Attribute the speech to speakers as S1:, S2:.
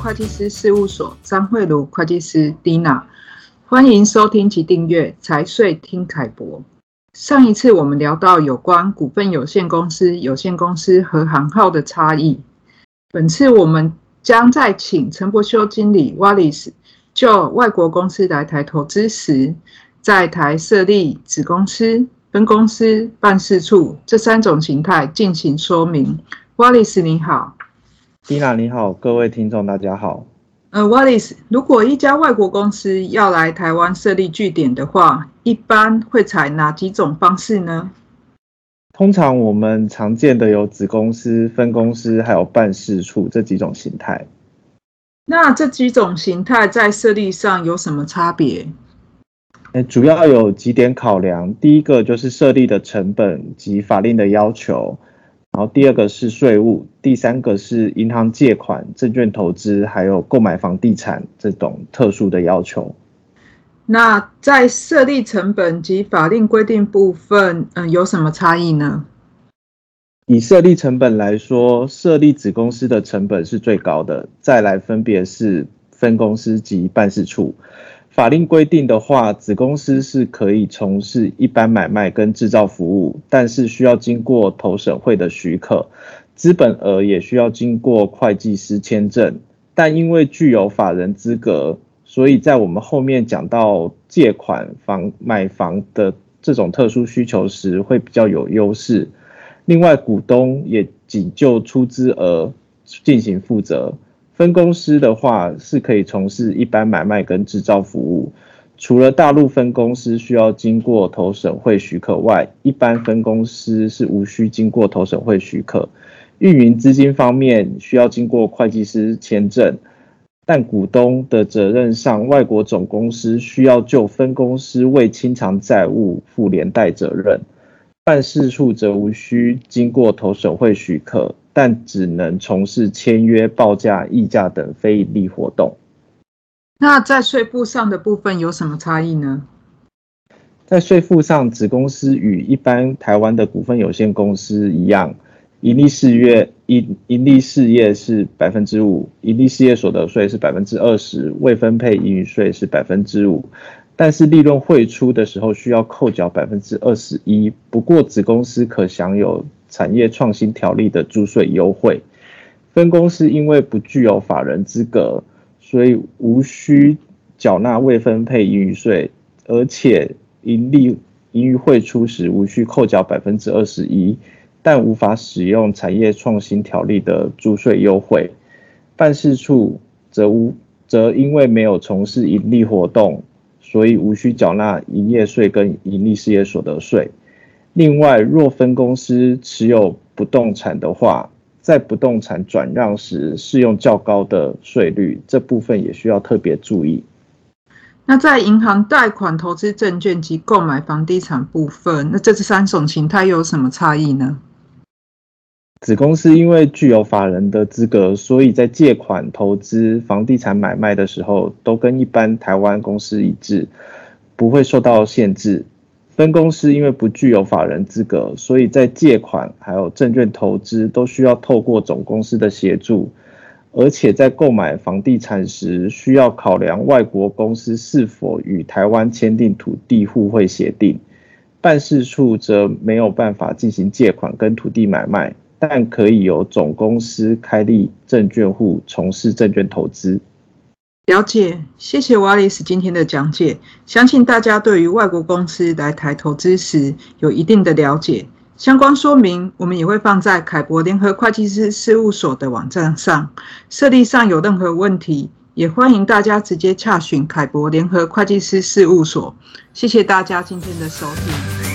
S1: 會計師事務所張惠茹會計師 Dina，歡迎收聽及訂閱財稅聽凱博。上一次我們聊到有關股份有限公司、有限公司和行號的差異。本次我們將再請陳柏修經理 Wallace 就外國公司來台投資時，在台設立子公司、分公司、辦事處這三種形態進行說明。Wallace 你好。
S2: 蒂娜你好，各位聽眾大家好。
S1: 呃，uh，Wallace，如果一家外國公司要來台灣設立據點的話，一般會採哪幾種方式呢？
S2: 通常我們常見的有子公司、分公司還有辦事處這幾種形態。
S1: 那這幾種形態在設立上有什麼差別？
S2: 呃，主要要有幾點考量，第一個就是設立的成本及法令的要求。然後第二個是稅務，第三個是銀行借款、證券投資，還有購買房地產這種特殊的要求。
S1: 那在設立成本及法令規定部分，嗯，有什麼差異呢？
S2: 以設立成本來說，設立子公司的成本是最高的，再來分別是分公司及辦事處。法令規定的話，子公司是可以從事一般買賣跟製造服務，但是需要經過投審會的許可，資本額也需要經過會計師簽證。但因為具有法人資格，所以在我們後面講到借款、房、買房的這種特殊需求時，會比較有優勢。另外，股東也僅就出資額進行負責。分公司的話是可以從事一般買賣跟製造服務，除了大陸分公司需要經過投審會許可外，一般分公司是無需經過投審會許可。運營資金方面需要經過會計師簽證，但股東的責任上，外國總公司需要就分公司未清償債務負連帶責任，辦事處則無需經過投審會許可。但只能從事簽約、報價、議價等非盈利活動，
S1: 那在稅負上的部分有什麼差異呢？
S2: 在稅負上，子公司與一般台灣的股份有限公司一樣，營利事業營營利事業是百分之五，營利事業所得稅是百分之二十，未分配盈餘稅是百分之五。但是利潤匯出的時候需要扣繳百分之二十一。不過子公司可享有。產業創新條例的租稅優惠，分公司因為不具有法人資格，所以無需繳納未分配盈餘稅，而且盈利盈餘匯出時無需扣繳百分之二十一，但無法使用產業創新條例的租稅優惠。辦事處則無，則因為沒有從事盈利活動，所以無需繳納營業稅跟盈利事業所得稅。另外，若分公司持有不動產的話，在不動產轉讓時適用較高的稅率，這部分也需要特別注意。
S1: 那在銀行貸款、投資證券及購買房地產部分，那這三種形態又有什麼差異呢？
S2: 子公司因為具有法人的資格，所以在借款、投資、房地產買賣的時候，都跟一般台灣公司一致，不會受到限制。分公司因為不具有法人資格，所以在借款還有證券投資都需要透過總公司的協助，而且在購買房地產時需要考量外國公司是否與台灣簽訂土地互惠協定。辦事處則沒有辦法進行借款跟土地買賣，但可以由總公司開立證券戶從事證券投資。
S1: 了解，謝謝瓦里斯今天的講解。相信大家對於外國公司來台投資時有一定的了解，相關說明我們也會放在凱博聯合會計師事務所的網站上。設立上有任何問題，也歡迎大家直接洽詢凱博聯合會計師事務所。謝謝大家今天的收聽。